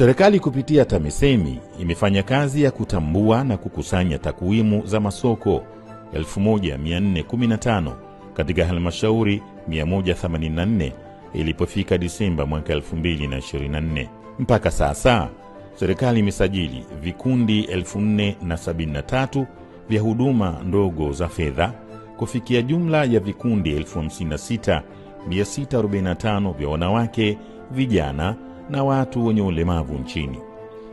Serikali kupitia TAMISEMI imefanya kazi ya kutambua na kukusanya takwimu za masoko 1415 katika halmashauri 184 ilipofika Disemba mwaka 2024. Mpaka sasa serikali imesajili vikundi 4073 vya huduma ndogo za fedha kufikia jumla ya vikundi 56645 vya wanawake, vijana na watu wenye ulemavu nchini.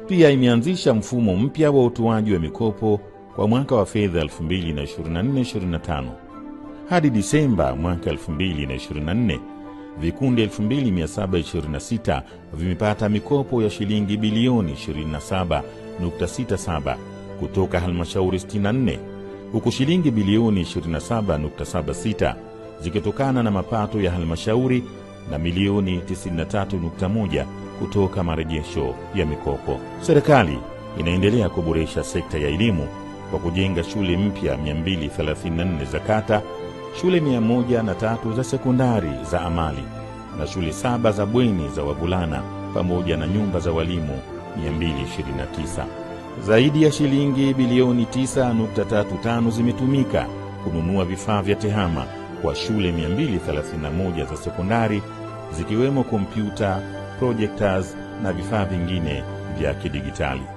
Pia imeanzisha mfumo mpya wa utoaji wa mikopo kwa mwaka wa fedha 2024-2025. Hadi Disemba mwaka 2024, vikundi 2726 vimepata mikopo ya shilingi bilioni 27.67 kutoka halmashauri 64 huku shilingi bilioni 27.76 zikitokana na mapato ya halmashauri na milioni 93.1 kutoka marejesho ya mikopo. Serikali inaendelea kuboresha sekta ya elimu kwa kujenga shule mpya 234 za kata, shule 103 za sekondari za amali na shule saba za bweni za wavulana pamoja na nyumba za walimu 229. Zaidi ya shilingi bilioni 9.35 zimetumika kununua vifaa vya tehama kwa shule 231 za sekondari zikiwemo kompyuta projectors na vifaa vingine vya kidigitali.